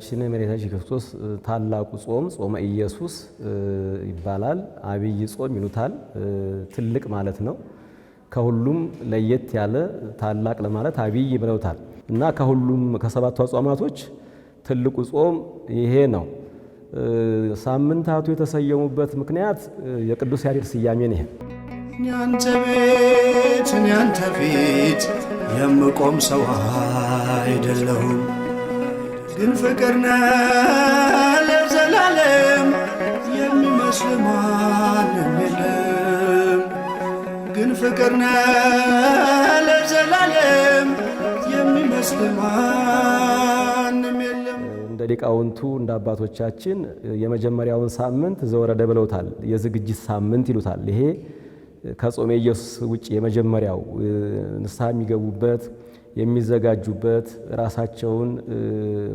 የጌታችን የመድኃኒታችን ክርስቶስ ታላቁ ጾም ጾመ ኢየሱስ ይባላል። አብይ ጾም ይሉታል። ትልቅ ማለት ነው። ከሁሉም ለየት ያለ ታላቅ ለማለት አብይ ብለውታል እና ከሁሉም ከሰባቱ አጽዋማቶች ትልቁ ጾም ይሄ ነው። ሳምንታቱ የተሰየሙበት ምክንያት የቅዱስ ያሬድ ስያሜን ይሄ ያንተ ቤት ያንተ ፊት የምቆም ሰው አይደለሁም ግን ፍቅርነ ለዘላለም የሚመስል ማንም የለም። ግን ፍቅርነ ለዘላለም የሚመስል ማንም የለም። እንደ ሊቃውንቱ እንደ አባቶቻችን የመጀመሪያውን ሳምንት ዘወረደ ብለውታል። የዝግጅት ሳምንት ይሉታል። ይሄ ከጾሜ ኢየሱስ ውጭ የመጀመሪያው ንስሐ የሚገቡበት የሚዘጋጁበት ራሳቸውን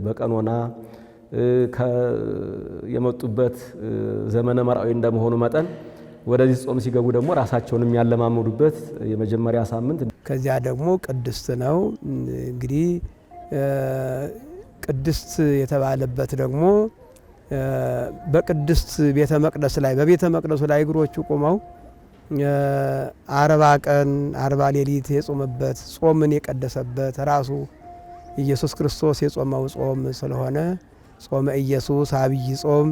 በቀኖና የመጡበት ዘመነ መርአዊ እንደመሆኑ መጠን ወደዚህ ጾም ሲገቡ ደግሞ ራሳቸውን የሚያለማምዱበት የመጀመሪያ ሳምንት። ከዚያ ደግሞ ቅድስት ነው እንግዲህ ቅድስት የተባለበት ደግሞ በቅድስት ቤተ መቅደስ ላይ በቤተ መቅደሱ ላይ እግሮቹ ቆመው አርባ ቀን አርባ ሌሊት የጾመበት ጾምን የቀደሰበት ራሱ ኢየሱስ ክርስቶስ የጾመው ጾም ስለሆነ ጾመ ኢየሱስ አብይ ጾም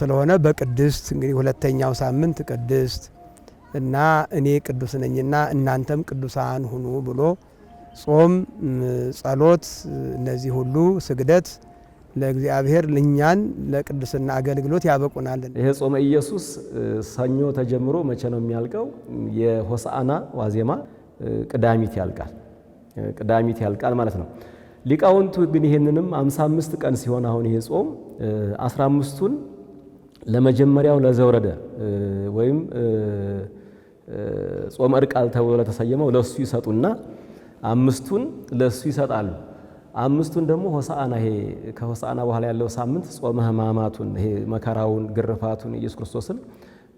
ስለሆነ በቅድስት እንግዲህ ሁለተኛው ሳምንት ቅድስት እና እኔ ቅዱስ ነኝና እናንተም ቅዱሳን ሁኑ ብሎ ጾም፣ ጸሎት፣ እነዚህ ሁሉ ስግደት ለእግዚአብሔር ልኛን ለቅድስና አገልግሎት ያበቁናል። ይሄ ጾመ ኢየሱስ ሰኞ ተጀምሮ መቼ ነው የሚያልቀው? የሆሳዕና ዋዜማ ቅዳሚት ያልቃል። ቅዳሚት ያልቃል ማለት ነው። ሊቃውንቱ ግን ይህንንም 55 ቀን ሲሆን አሁን ይሄ ጾም 15ቱን ለመጀመሪያው ለዘውረደ ወይም ጾመ እርቃል ተብሎ ለተሰየመው ለእሱ ይሰጡና አምስቱን ለእሱ ይሰጣሉ። አምስቱን ደግሞ ሆሳአና ይሄ ከሆሳአና በኋላ ያለው ሳምንት ጾመ ሕማማቱን ይሄ መከራውን፣ ግርፋቱን ኢየሱስ ክርስቶስን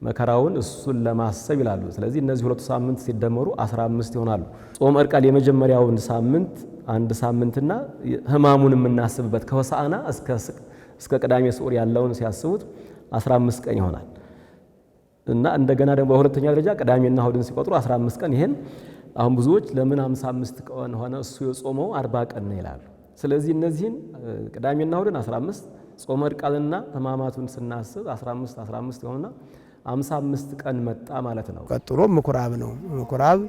መከራውን እሱን ለማሰብ ይላሉ። ስለዚህ እነዚህ ሁለቱ ሳምንት ሲደመሩ 15 ይሆናሉ። ጾመ ዕርቃል የመጀመሪያውን ሳምንት አንድ ሳምንትና ሕማሙን የምናስብበት ከሆሳአና እስከ ቅዳሜ ስዑር ያለውን ሲያስቡት 15 ቀን ይሆናል እና እንደገና ደግሞ በሁለተኛ ደረጃ ቅዳሜና እሁድን ሲቆጥሩ 15 ቀን ይሄን አሁን ብዙዎች ለምን 55 ቀን ሆነ እሱ የጾመው 40 ቀን ነው ይላሉ። ስለዚህ እነዚህን ቅዳሜና እሁድን 15 ጾመር ቃልና ሕማማቱን ስናስብ 15 15 የሆነና 55 ቀን መጣ ማለት ነው። ቀጥሎ ምኩራብ ነው። ምኩራብ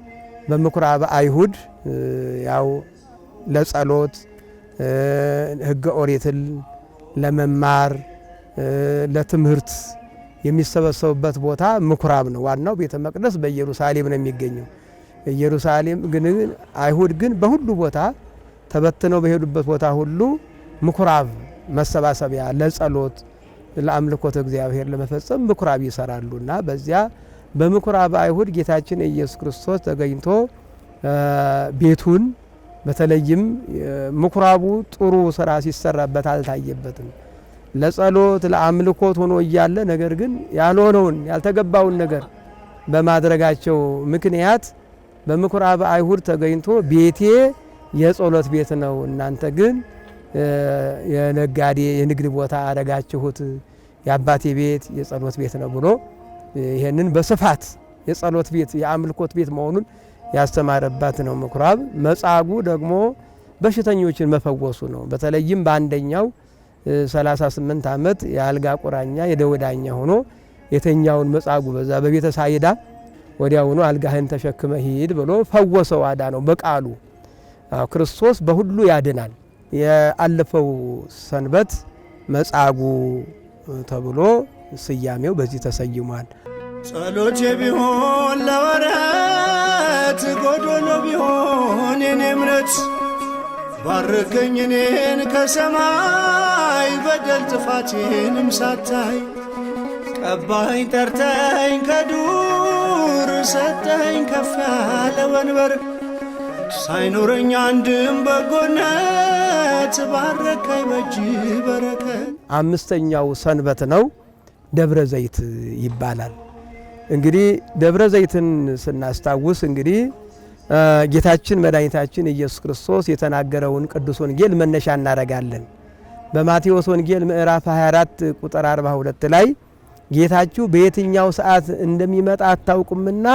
በምኩራብ አይሁድ ያው ለጸሎት ህገ ኦሪትን ለመማር ለትምህርት የሚሰበሰቡበት ቦታ ምኩራብ ነው። ዋናው ቤተ መቅደስ በኢየሩሳሌም ነው የሚገኘው። ኢየሩሳሌም ግን አይሁድ ግን በሁሉ ቦታ ተበትነው በሄዱበት ቦታ ሁሉ ምኩራብ መሰባሰቢያ ለጸሎት ለአምልኮተ እግዚአብሔር ለመፈጸም ምኩራብ ይሰራሉና በዚያ በምኩራብ አይሁድ ጌታችን ኢየሱስ ክርስቶስ ተገኝቶ ቤቱን በተለይም ምኩራቡ ጥሩ ስራ ሲሰራበት አልታየበትም። ለጸሎት ለአምልኮት ሆኖ እያለ ነገር ግን ያልሆነውን ያልተገባውን ነገር በማድረጋቸው ምክንያት በምኩራብ አይሁድ ተገኝቶ ቤቴ የጸሎት ቤት ነው፣ እናንተ ግን የነጋዴ የንግድ ቦታ አረጋችሁት፣ የአባቴ ቤት የጸሎት ቤት ነው ብሎ ይህንን በስፋት የጸሎት ቤት የአምልኮት ቤት መሆኑን ያስተማረባት ነው ምኩራብ። መጻጉ ደግሞ በሽተኞችን መፈወሱ ነው። በተለይም በአንደኛው 38 ዓመት የአልጋ ቁራኛ የደወዳኛ ሆኖ የተኛውን መጻጉ በዛ በቤተ ሳይዳ ወዲያውኑ አልጋህን ተሸክመ ሂድ ብሎ ፈወሰው፣ ነው በቃሉ። ክርስቶስ በሁሉ ያድናል። የአለፈው ሰንበት መጻጉዕ ተብሎ ስያሜው በዚህ ተሰይሟል። ጸሎቴ ቢሆን ለወረት ጎዶሎ ቢሆን የኔ እምነት ባርከኝ እኔን ከሰማይ በደል ጥፋቴንም ሳታይ ቀባኝ ጠርተህ ሰጠኝ ከፍ ያለ ወንበር ሳይኖረኝ አንድም በጎነት ባረከኝ በጅ በረከት። አምስተኛው ሰንበት ነው፣ ደብረ ዘይት ይባላል። እንግዲህ ደብረ ዘይትን ስናስታውስ እንግዲህ ጌታችን መድኃኒታችን ኢየሱስ ክርስቶስ የተናገረውን ቅዱስ ወንጌል መነሻ እናደርጋለን። በማቴዎስ ወንጌል ምዕራፍ 24 ቁጥር 42 ላይ ጌታችሁ በየትኛው ሰዓት እንደሚመጣ አታውቁምና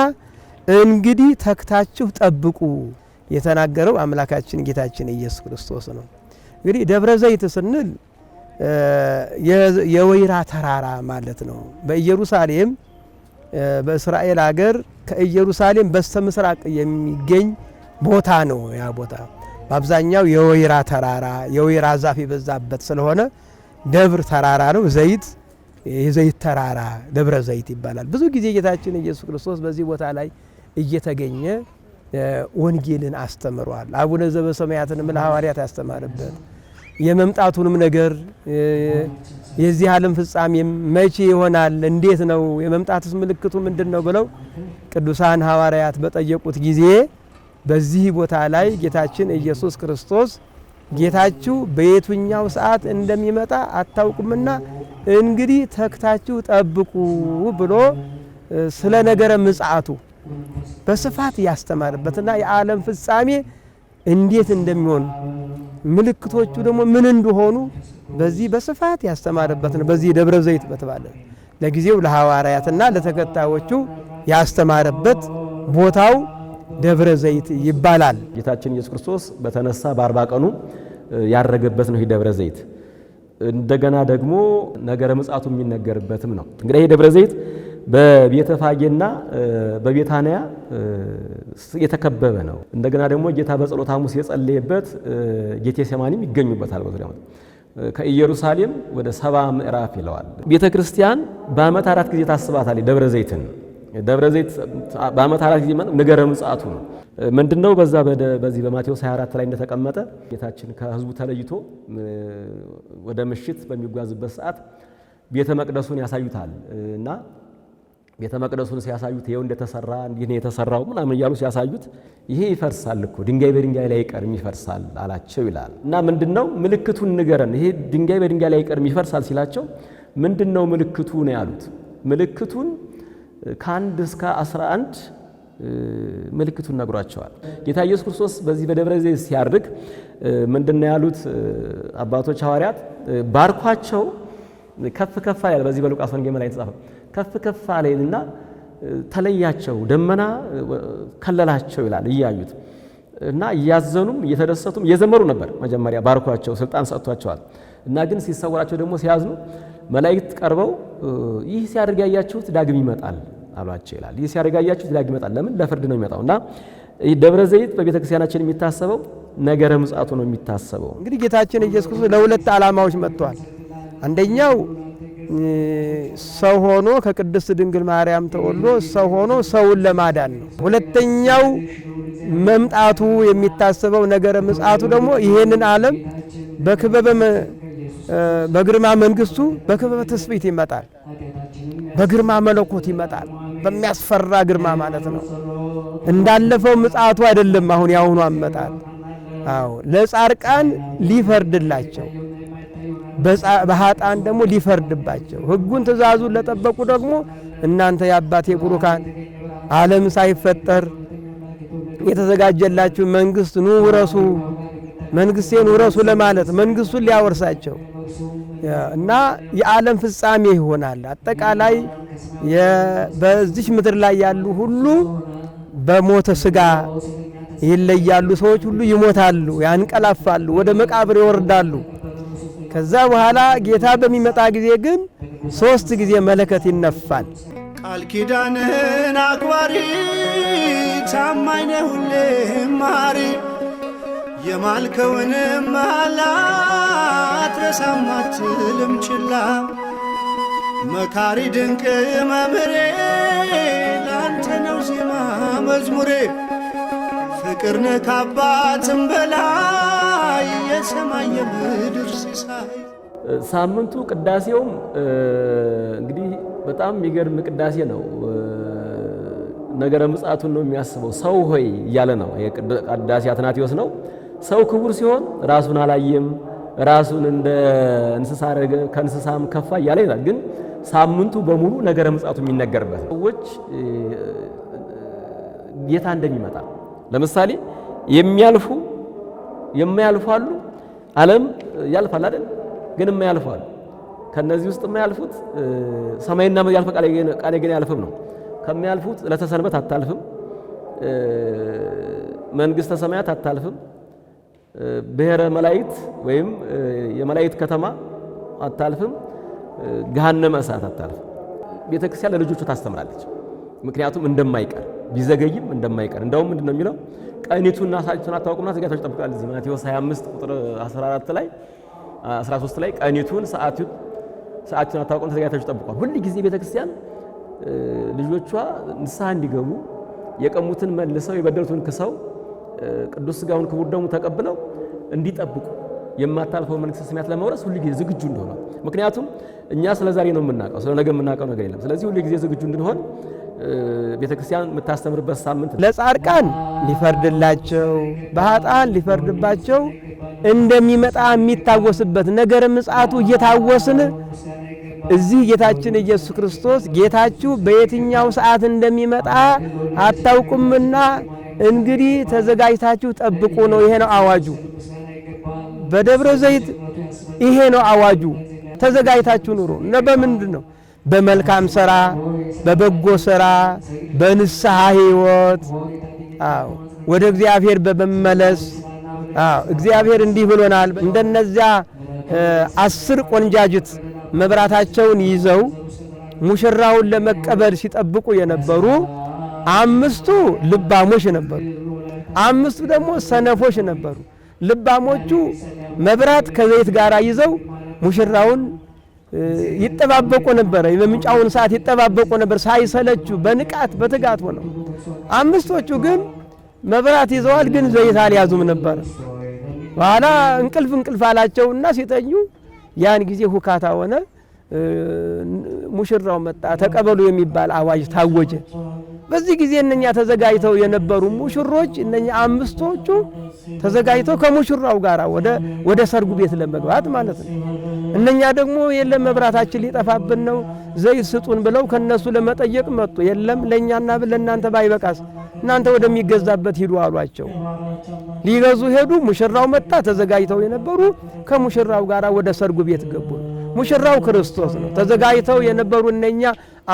እንግዲህ ተክታችሁ ጠብቁ የተናገረው አምላካችን ጌታችን ኢየሱስ ክርስቶስ ነው። እንግዲህ ደብረ ዘይት ስንል የወይራ ተራራ ማለት ነው። በኢየሩሳሌም በእስራኤል አገር ከኢየሩሳሌም በስተ ምስራቅ የሚገኝ ቦታ ነው። ያ ቦታ በአብዛኛው የወይራ ተራራ የወይራ ዛፍ የበዛበት ስለሆነ ደብር ተራራ ነው ዘይት የዘይት ተራራ ደብረ ዘይት ይባላል። ብዙ ጊዜ ጌታችን ኢየሱስ ክርስቶስ በዚህ ቦታ ላይ እየተገኘ ወንጌልን አስተምሯል። አቡነ ዘበሰማያትንም ለሐዋርያት ያስተማርበት የመምጣቱንም ነገር የዚህ ዓለም ፍጻሜ መቼ ይሆናል? እንዴት ነው? የመምጣትስ ምልክቱ ምንድን ነው? ብለው ቅዱሳን ሐዋርያት በጠየቁት ጊዜ በዚህ ቦታ ላይ ጌታችን ኢየሱስ ክርስቶስ ጌታችሁ በየቱኛው ሰዓት እንደሚመጣ አታውቁምና እንግዲህ ተክታችሁ ጠብቁ ብሎ ስለ ነገረ ምጽአቱ በስፋት ያስተማረበትና የዓለም ፍጻሜ እንዴት እንደሚሆን ምልክቶቹ ደግሞ ምን እንደሆኑ በዚህ በስፋት ያስተማርበት ነው። በዚህ ደብረ ዘይት በተባለ ለጊዜው ለሐዋርያትና ለተከታዮቹ ያስተማረበት ቦታው ደብረ ዘይት ይባላል። ጌታችን ኢየሱስ ክርስቶስ በተነሳ በአርባ ቀኑ ያረገበት ነው ይህ ደብረ ዘይት። እንደገና ደግሞ ነገረ ምጻቱ የሚነገርበትም ነው። እንግዲህ ይህ ደብረ ዘይት በቤተፋጌና በቤታንያ የተከበበ ነው። እንደገና ደግሞ ጌታ በጸሎተ ሐሙስ የጸለየበት ጌቴ ሰማኒም ይገኙበታል። ወደ ከኢየሩሳሌም ወደ ሰባ ምዕራፍ ይለዋል። ቤተ ክርስቲያን በዓመት አራት ጊዜ ታስባታል ደብረ ዘይትን ደብረ ዘይት በዓመት አራት ጊዜ ነገረ ምጽአቱ ነው። ምንድነው? በዛ በዚህ በማቴዎስ 24 ላይ እንደተቀመጠ ጌታችን ከህዝቡ ተለይቶ ወደ ምሽት በሚጓዝበት ሰዓት ቤተ መቅደሱን ያሳዩታል እና ቤተ መቅደሱን ሲያሳዩት ይኸው እንደተሰራ እንዲህ ነው የተሰራው ምናምን እያሉ ሲያሳዩት ይሄ ይፈርሳል እኮ ድንጋይ በድንጋይ ላይ አይቀርም ይፈርሳል አላቸው ይላል። እና ምንድነው ምልክቱን ንገረን፣ ይሄ ድንጋይ በድንጋይ ላይ አይቀርም ይፈርሳል ሲላቸው ምንድነው ምልክቱ ነው ያሉት። ምልክቱን ከአንድ እስከ 11 ምልክቱን ነግሯቸዋል። ጌታ ኢየሱስ ክርስቶስ በዚህ በደብረ ዘይት ሲያርግ ምንድነው ያሉት አባቶች ሐዋርያት? ባርኳቸው ከፍ ከፍ አለ። በዚህ በሉቃስ ወንጌል ላይ የተጻፈው ከፍ ከፍ አለና ተለያቸው፣ ደመና ከለላቸው ይላል። እያዩት እና እያዘኑም እየተደሰቱም እየዘመሩ ነበር። መጀመሪያ ባርኳቸው፣ ስልጣን ሰጥቷቸዋል እና ግን ሲሰወራቸው ደግሞ ሲያዝኑ መላእክት ቀርበው ይህ ሲያደርግ ያያችሁት ዳግም ይመጣል አሏቸው ይላል። ይህ ሲያደርግ ያያችሁት ዳግም ይመጣል። ለምን? ለፍርድ ነው የሚመጣው እና ይህ ደብረ ዘይት በቤተ ክርስቲያናችን የሚታሰበው ነገረ ምጽአቱ ነው የሚታሰበው። እንግዲህ ጌታችን ኢየሱስ ክርስቶስ ለሁለት ዓላማዎች መጥቷል። አንደኛው ሰው ሆኖ ከቅድስት ድንግል ማርያም ተወልዶ ሰው ሆኖ ሰውን ለማዳን ነው። ሁለተኛው መምጣቱ የሚታሰበው ነገረ ምጽአቱ ደግሞ ይሄንን ዓለም በክበበ በግርማ መንግስቱ በክበበ ትስብእት ይመጣል። በግርማ መለኮት ይመጣል። በሚያስፈራ ግርማ ማለት ነው። እንዳለፈው ምጽአቱ አይደለም። አሁን ያሁኑ አመጣል። አዎ ለጻርቃን ሊፈርድላቸው፣ በኃጥአን ደግሞ ሊፈርድባቸው፣ ህጉን ትእዛዙን ለጠበቁ ደግሞ እናንተ የአባቴ ቡሩካን ዓለም ሳይፈጠር የተዘጋጀላችሁ መንግስት ኑ ውረሱ፣ መንግስቴን ውረሱ ለማለት መንግስቱን ሊያወርሳቸው እና የዓለም ፍጻሜ ይሆናል። አጠቃላይ በዚች ምድር ላይ ያሉ ሁሉ በሞተ ስጋ ይለያሉ። ሰዎች ሁሉ ይሞታሉ፣ ያንቀላፋሉ፣ ወደ መቃብር ይወርዳሉ። ከዛ በኋላ ጌታ በሚመጣ ጊዜ ግን ሶስት ጊዜ መለከት ይነፋል። ቃል ኪዳንህን አክባሪ ታማኝ ነህ ሁሌም የማልከውንም ማላ አትረሳም አትልም ችላ መካሪ ድንቅ መምሬ ላንተ ነው ዜማ መዝሙሬ ፍቅርነ ካባትም በላይ የሰማይ የምድር ሲሳይ ሳምንቱ ቅዳሴውም እንግዲህ በጣም የሚገርም ቅዳሴ ነው። ነገረ ምጽአቱን ነው የሚያስበው። ሰው ሆይ እያለ ነው። ቅዳሴ አትናቴዎስ ነው። ሰው ክቡር ሲሆን ራሱን አላየም፣ ራሱን እንደ እንስሳ አረገ፣ ከእንስሳም ከፋ እያለ ይላል። ግን ሳምንቱ በሙሉ ነገረ ምጽአቱ የሚነገርበት ሰዎች ጌታ እንደሚመጣ ለምሳሌ የሚያልፉ የማያልፉ አሉ። ዓለም ያልፋል አይደል? ግን የማያልፉ አሉ። ከነዚህ ውስጥ የማያልፉት ሰማይና ምድር ያልፈ ቃሌ ግን አያልፍም ነው። ከሚያልፉት ዕለተ ሰንበት አታልፍም፣ መንግስተ ሰማያት አታልፍም ብሔረ መላይት ወይም የመላይት ከተማ አታልፍም፣ ገሃነመ እሳት አታልፍም። ቤተ ክርስቲያን ለልጆቹ ታስተምራለች። ምክንያቱም እንደማይቀር ቢዘገይም እንደማይቀር እንደውም ምንድን ነው የሚለው ቀኒቱና ሰዓቲቱን አታውቁምና ዘግይታችሁ ትጠብቃለች። እዚህ ማቴዎስ 25 ቁጥር 14 ላይ 13 ላይ ቀኒቱን ሰዓቱን ሰዓቱን አታውቁምና ዘግይታችሁ ትጠብቋል። ሁል ጊዜ ቤተ ክርስቲያን ልጆቿ ንስሐ እንዲገቡ የቀሙትን መልሰው የበደሉትን ክሰው ቅዱስ ሥጋውን ክቡር ደሙ ተቀብለው እንዲጠብቁ የማታልፈው መንግሥተ ሰማያት ለመውረስ ጊዜ ዝግጁ እንደሆነ ምክንያቱም እኛ ስለ ዛሬ ነው የምናውቀው፣ ስለ ነገ የምናውቀው ነገር የለም። ስለዚህ ጊዜ ዝግጁ እንድንሆን ቤተ ክርስቲያን የምታስተምርበት ሳምንት ለጻድቃን ሊፈርድላቸው በኃጥአን ሊፈርድባቸው እንደሚመጣ የሚታወስበት ነገረ ምጽአቱ እየታወስን እዚህ ጌታችን ኢየሱስ ክርስቶስ ጌታችሁ በየትኛው ሰዓት እንደሚመጣ አታውቁምና እንግዲህ ተዘጋጅታችሁ ጠብቁ ነው። ይሄ ነው አዋጁ። በደብረ ዘይት ይሄ ነው አዋጁ። ተዘጋጅታችሁ ኑሮ እነ በምንድን ነው? በመልካም ስራ፣ በበጎ ስራ፣ በንስሐ ህይወት፣ አዎ ወደ እግዚአብሔር በመመለስ አዎ እግዚአብሔር እንዲህ ብሎናል። እንደነዚያ አስር ቆንጃጅት መብራታቸውን ይዘው ሙሽራውን ለመቀበል ሲጠብቁ የነበሩ አምስቱ ልባሞች ነበሩ። አምስቱ ደግሞ ሰነፎች ነበሩ። ልባሞቹ መብራት ከዘይት ጋር ይዘው ሙሽራውን ይጠባበቁ ነበረ። የመምጫውን ሰዓት ይጠባበቁ ነበር ሳይሰለቹ በንቃት በትጋት ሆነው። አምስቶቹ ግን መብራት ይዘዋል፣ ግን ዘይት አልያዙም ነበረ። በኋላ እንቅልፍ እንቅልፍ እና ሲተኙ ያን ጊዜ ሁካታ ሆነ። ሙሽራው መጣ፣ ተቀበሉ የሚባል አዋጅ ታወጀ። በዚህ ጊዜ እነኛ ተዘጋጅተው የነበሩ ሙሽሮች እነኛ አምስቶቹ ተዘጋጅተው ከሙሽራው ጋር ወደ ሰርጉ ቤት ለመግባት ማለት ነው። እነኛ ደግሞ የለም መብራታችን ሊጠፋብን ነው ዘይት ስጡን ብለው ከነሱ ለመጠየቅ መጡ። የለም ለእኛና ለእናንተ ባይበቃስ እናንተ ወደሚገዛበት ሂዱ አሏቸው። ሊገዙ ሄዱ። ሙሽራው መጣ። ተዘጋጅተው የነበሩ ከሙሽራው ጋር ወደ ሰርጉ ቤት ገቡ። ሙሽራው ክርስቶስ ነው። ተዘጋጅተው የነበሩ እነኛ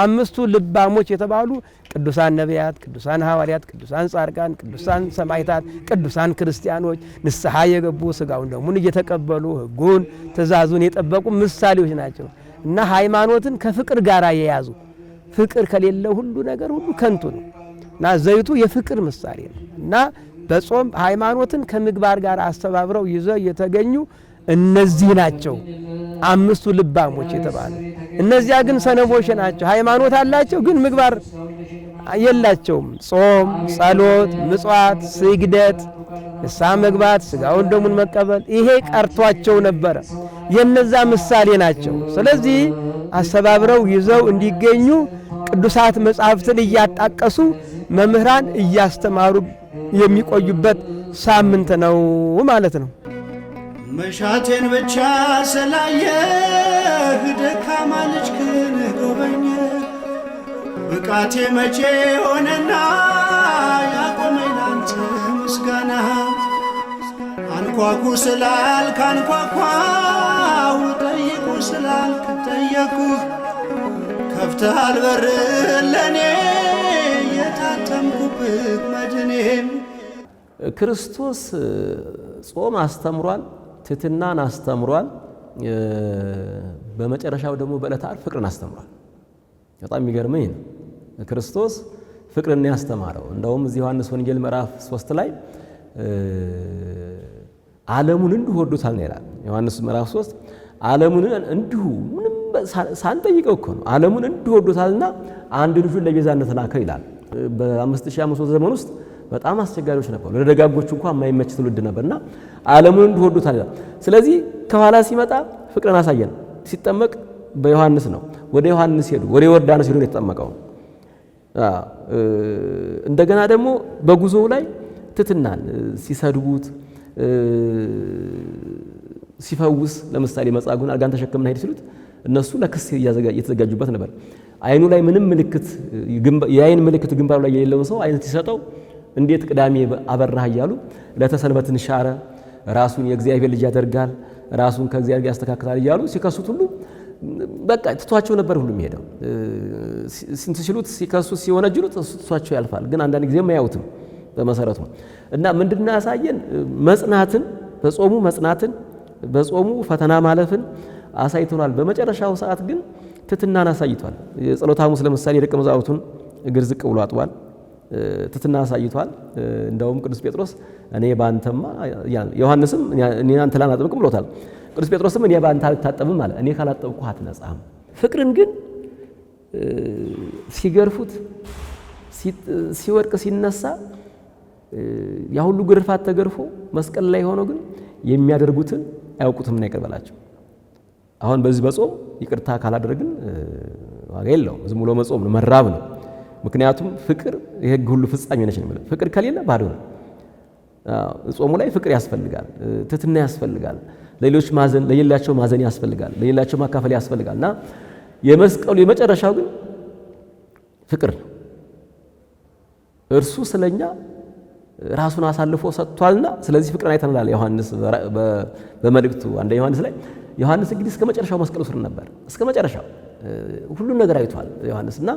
አምስቱ ልባሞች የተባሉ ቅዱሳን ነቢያት፣ ቅዱሳን ሐዋርያት፣ ቅዱሳን ጻድቃን፣ ቅዱሳን ሰማይታት ቅዱሳን ክርስቲያኖች ንስሐ የገቡ ስጋውን ደሙን እየተቀበሉ ሕጉን ትእዛዙን የጠበቁ ምሳሌዎች ናቸው እና ሃይማኖትን ከፍቅር ጋር የያዙ ፍቅር ከሌለ ሁሉ ነገር ሁሉ ከንቱ ነው እና ዘይቱ የፍቅር ምሳሌ ነው እና በጾም ሃይማኖትን ከምግባር ጋር አስተባብረው ይዘው የተገኙ እነዚህ ናቸው አምስቱ ልባሞች የተባሉ። እነዚያ ግን ሰነፎች ናቸው። ሃይማኖት አላቸው፣ ግን ምግባር የላቸውም። ጾም፣ ጸሎት፣ ምጽዋት፣ ስግደት፣ ንስሐ መግባት፣ ስጋውን ደሙን መቀበል ይሄ ቀርቷቸው ነበረ። የነዛ ምሳሌ ናቸው። ስለዚህ አሰባብረው ይዘው እንዲገኙ ቅዱሳት መጻሕፍትን እያጣቀሱ መምህራን እያስተማሩ የሚቆዩበት ሳምንት ነው ማለት ነው። መሻቴን ብቻ ስላየህ ደካማ ክን ጎበኘ ብቃቴ መቼ ሆነና ያቆመኝ ላንተ ምስጋና አንኳኩ ስላልክ አንኳኳው ጠይቁ ስላልክ ጠየኩህ ከፍተሃል በር ለኔ የታተምኩብህ መድኔም ክርስቶስ ጾም አስተምሯል ትትናን አስተምሯል። በመጨረሻው ደግሞ በዕለተ ዓርብ ፍቅርን አስተምሯል። በጣም የሚገርመኝ ነው ክርስቶስ ፍቅርን ያስተማረው። እንደውም እዚህ ዮሐንስ ወንጌል ምዕራፍ ሶስት ላይ ዓለሙን እንዲሁ ወዶታል ነው ይላል። ዮሐንስ ምዕራፍ ሶስት ዓለሙን እንዲሁ ምንም ሳንጠይቀው እኮ ነው ዓለሙን እንዲሁ ወዶታልና አንድ ልጁን ለቤዛነት ላከ ይላል። በአምስት ሺህ አምስት ዘመን ውስጥ በጣም አስቸጋሪዎች ነበሩ። ለደጋጎች እንኳ የማይመች ትውልድ ነበርና ዓለሙን እንድትወዱት። ስለዚህ ከኋላ ሲመጣ ፍቅርን አሳየን። ሲጠመቅ በዮሐንስ ነው። ወደ ዮሐንስ ሄዱ፣ ወደ ዮርዳኖስ ሄዱ የተጠመቀው። እንደገና ደግሞ በጉዞው ላይ ትትናን ሲሰድቡት ሲፈውስ ለምሳሌ መጻጉን አልጋን ተሸክምና ሄድ ሲሉት እነሱ ለክስ እየተዘጋጁበት ነበር። አይኑ ላይ ምንም ምልክት የአይን ምልክት ግንባሩ ላይ የሌለውን ሰው አይነት ሲሰጠው እንዴት ቅዳሜ አበራህ እያሉ ለተሰንበትን ሻረ ራሱን የእግዚአብሔር ልጅ ያደርጋል፣ ራሱን ከእግዚአብሔር ጋር ያስተካክላል እያሉ ሲከሱት ሁሉ በቃ ትቷቸው ነበር ሁሉ የሚሄደው። ስንት ሲሉት ሲሆነ ሲወነጅሉት ትቷቸው ያልፋል። ግን አንዳንድ ጊዜ አያዩትም በመሰረቱ እና ምንድና ያሳየን መጽናትን፣ በጾሙ መጽናትን፣ በጾሙ ፈተና ማለፍን አሳይቶናል። በመጨረሻው ሰዓት ግን ትትናን አሳይቷል። ጸሎተ ሐሙስ ለምሳሌ የደቀ መዛሙርቱን እግር ዝቅ ብሎ አጥቧል። ትትና አሳይቷል። እንደውም ቅዱስ ጴጥሮስ እኔ ባንተማ ዮሐንስም እኔ አንተ ላይ ብሎታል። ቅዱስ ጴጥሮስም እኔ ባንተ አልታጠብም አለ። እኔ ካላጠብኩ አትነጻህም። ፍቅርን ግን ሲገርፉት ሲወድቅ ሲነሳ ያ ሁሉ ግርፋት ተገርፎ መስቀል ላይ ሆኖ ግን የሚያደርጉትን አያውቁትም ነው በላቸው። አሁን በዚህ በጾም ይቅርታ ካላደረግን ዋጋ የለውም። ዝም ብሎ መጾም ነው፣ መራብ ነው። ምክንያቱም ፍቅር የህግ ሁሉ ፍጻሜ ነች ነው። ፍቅር ከሌለ ባዶ ነው። ጾሙ ላይ ፍቅር ያስፈልጋል፣ ትህትና ያስፈልጋል፣ ለሌሎች ማዘን፣ ለሌላቸው ማዘን ያስፈልጋል፣ ለሌላቸው ማካፈል ያስፈልጋል እና የመስቀሉ የመጨረሻው ግን ፍቅር ነው። እርሱ ስለኛ ራሱን አሳልፎ ሰጥቷልና ስለዚህ ፍቅርን አይተናል። ዮሐንስ በመልእክቱ አንደ ዮሐንስ ላይ ዮሐንስ እንግዲህ እስከ መጨረሻው መስቀሉ ስር ነበር። እስከ መጨረሻው ሁሉን ነገር አይቷል ዮሐንስ እና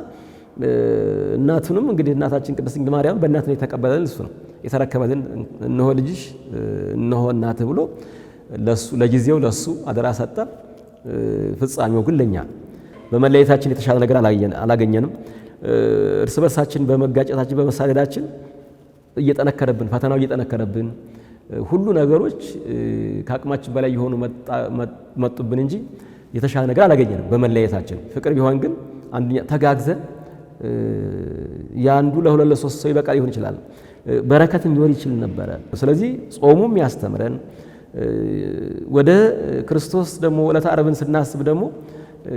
እናቱንም እንግዲህ እናታችን ቅድስት ድንግል ማርያም በእናት ነው የተቀበለን እሱ ነው የተረከበልን። እነሆ ልጅሽ እነሆ እናት ብሎ ለሱ ለጊዜው ለሱ አደራ ሰጠ። ፍጻሜው ግን ለኛ በመለየታችን የተሻለ ነገር አላገኘንም። እርስ በርሳችን በመጋጨታችን በመሳደዳችን እየጠነከረብን ፈተናው እየጠነከረብን ሁሉ ነገሮች ከአቅማችን በላይ የሆኑ መጡብን እንጂ የተሻለ ነገር አላገኘንም በመለየታችን። ፍቅር ቢሆን ግን አንደኛ ተጋግዘን የአንዱ ለሁለት ለሶስት ሰው ይበቃ ሊሆን ይችላል። በረከትም ሊሆን ይችል ነበረ። ስለዚህ ጾሙም ያስተምረን። ወደ ክርስቶስ ደግሞ ዕለተ ዓርብን ስናስብ ደግሞ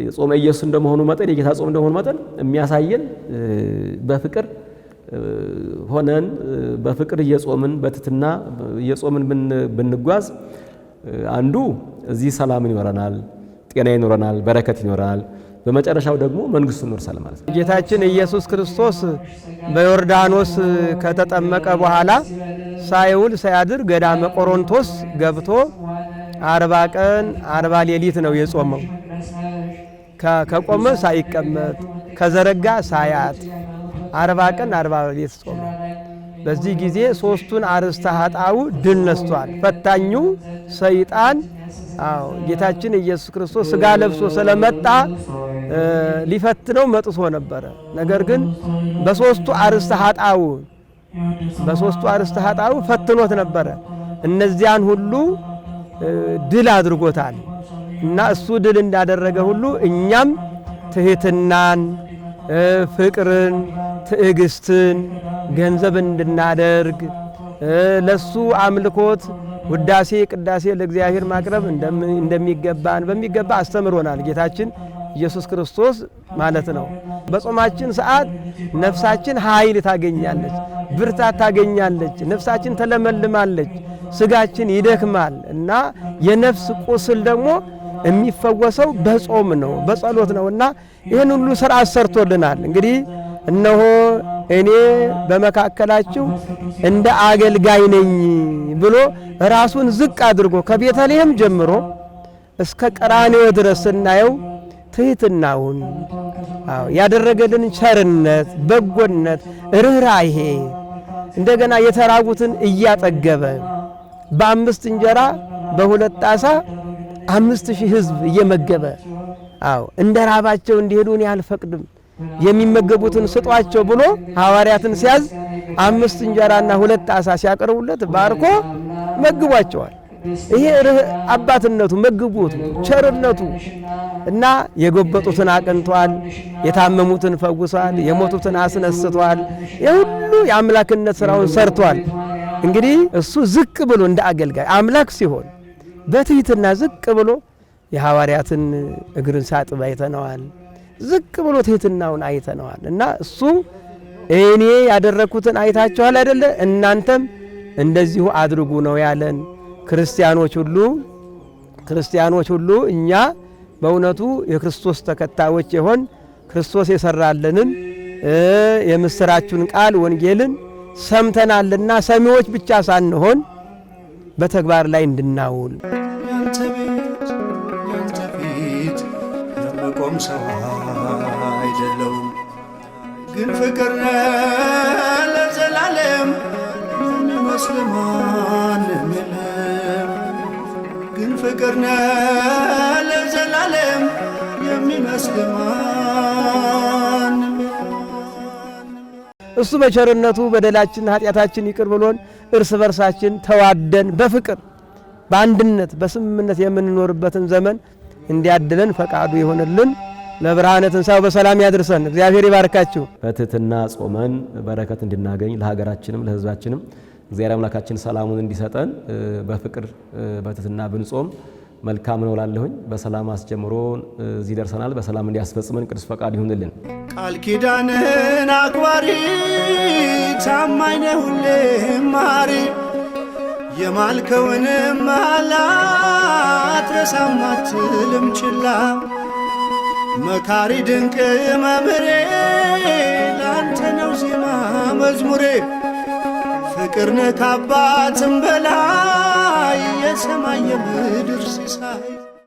የጾመ ኢየሱስ እንደመሆኑ መጠን የጌታ ጾም እንደመሆኑ መጠን የሚያሳየን በፍቅር ሆነን በፍቅር እየጾምን በትትና እየጾምን ብንጓዝ አንዱ እዚህ ሰላምን ይኖረናል፣ ጤና ይኖረናል፣ በረከት ይኖረናል። በመጨረሻው ደግሞ መንግስቱን እንወርሳለን ማለት ነው። ጌታችን ኢየሱስ ክርስቶስ በዮርዳኖስ ከተጠመቀ በኋላ ሳይውል ሳያድር ገዳመ ቆሮንቶስ ገብቶ አርባ ቀን አርባ ሌሊት ነው የጾመው። ከቆመ ሳይቀመጥ ከዘረጋ ሳያት አርባ ቀን አርባ ሌሊት ጾመ። በዚህ ጊዜ ሶስቱን አርእስተ ኃጣውእ ድል ነስቷል። ፈታኙ ሰይጣን አዎ ጌታችን ኢየሱስ ክርስቶስ ስጋ ለብሶ ስለመጣ ሊፈትነው መጥቶ ነበረ። ነገር ግን በሶስቱ አርስተ ኃጣውእ በሶስቱ አርስተ ኃጣውእ ፈትኖት ነበረ። እነዚያን ሁሉ ድል አድርጎታል እና እሱ ድል እንዳደረገ ሁሉ እኛም ትህትናን፣ ፍቅርን፣ ትዕግስትን ገንዘብ እንድናደርግ ለሱ አምልኮት ውዳሴ ቅዳሴ ለእግዚአብሔር ማቅረብ እንደሚገባን በሚገባ አስተምሮናል ጌታችን። ኢየሱስ ክርስቶስ ማለት ነው። በጾማችን ሰዓት ነፍሳችን ኃይል ታገኛለች፣ ብርታት ታገኛለች። ነፍሳችን ተለመልማለች፣ ስጋችን ይደክማል እና የነፍስ ቁስል ደግሞ የሚፈወሰው በጾም ነው፣ በጸሎት ነው እና ይህን ሁሉ ስርዓት ሰርቶልናል። እንግዲህ እነሆ እኔ በመካከላችሁ እንደ አገልጋይ ነኝ ብሎ ራሱን ዝቅ አድርጎ ከቤተልሔም ጀምሮ እስከ ቀራንዮ ድረስ ስናየው ትህትናውን ያደረገልን ቸርነት፣ በጎነት፣ ርኅራኄ እንደገና የተራቡትን እያጠገበ በአምስት እንጀራ በሁለት ጣሳ አምስት ሺህ ሕዝብ እየመገበ አዎ እንደ ራባቸው እንዲሄዱ እኔ አልፈቅድም የሚመገቡትን ስጧቸው ብሎ ሐዋርያትን ሲያዝ አምስት እንጀራና ሁለት ጣሳ ሲያቀርቡለት ባርኮ መግቧቸዋል። ይሄ አባትነቱ መግቦቱ ቸርነቱ እና የጎበጡትን አቅንቷል፣ የታመሙትን ፈውሷል፣ የሞቱትን አስነስቷል። የሁሉ የአምላክነት ስራውን ሰርቷል። እንግዲህ እሱ ዝቅ ብሎ እንደ አገልጋይ አምላክ ሲሆን በትህትና ዝቅ ብሎ የሐዋርያትን እግርን ሳጥብ አይተነዋል። ዝቅ ብሎ ትህትናውን አይተነዋል። እና እሱ እኔ ያደረግኩትን አይታችኋል አይደለ? እናንተም እንደዚሁ አድርጉ ነው ያለን። ክርስቲያኖች ሁሉ ክርስቲያኖች ሁሉ እኛ በእውነቱ የክርስቶስ ተከታዮች የሆን ክርስቶስ የሰራልንን የምስራችን ቃል ወንጌልን ሰምተናልና ሰሚዎች ብቻ ሳንሆን በተግባር ላይ እንድናውል ያንተ ሰው ግን ፍቅር ለዘላለም የሚመስል የለም። ፍቅር ነ ለዘላለም የሚመስል እሱ በቸርነቱ በደላችን ኃጢአታችን ይቅር ብሎን እርስ በርሳችን ተዋደን በፍቅር በአንድነት በስምምነት የምንኖርበትን ዘመን እንዲያድለን ፈቃዱ የሆነልን። ለብርሃነ ትንሣኤው በሰላም ያድርሰን። እግዚአብሔር ይባርካችሁ። በትህትና ጾመን በረከት እንድናገኝ ለሀገራችንም ለሕዝባችንም እግዚአብሔር አምላካችን ሰላሙን እንዲሰጠን በፍቅር በትትና ብንጾም መልካም ነው ላለሁኝ። በሰላም አስጀምሮ እዚህ ደርሰናል። በሰላም እንዲያስፈጽመን ቅዱስ ፈቃድ ይሁንልን። ቃል ኪዳንህን አክባሪ ታማኝ ነህ ሁሌም መሐሪ የማልከውንም መሐላ አትረሳም መካሪ ድንቅ መምህሬ ላንተ ነው ዜማ መዝሙሬ ፍቅርነ ከአባትም በላይ የሰማይ የምድር ሲሳይ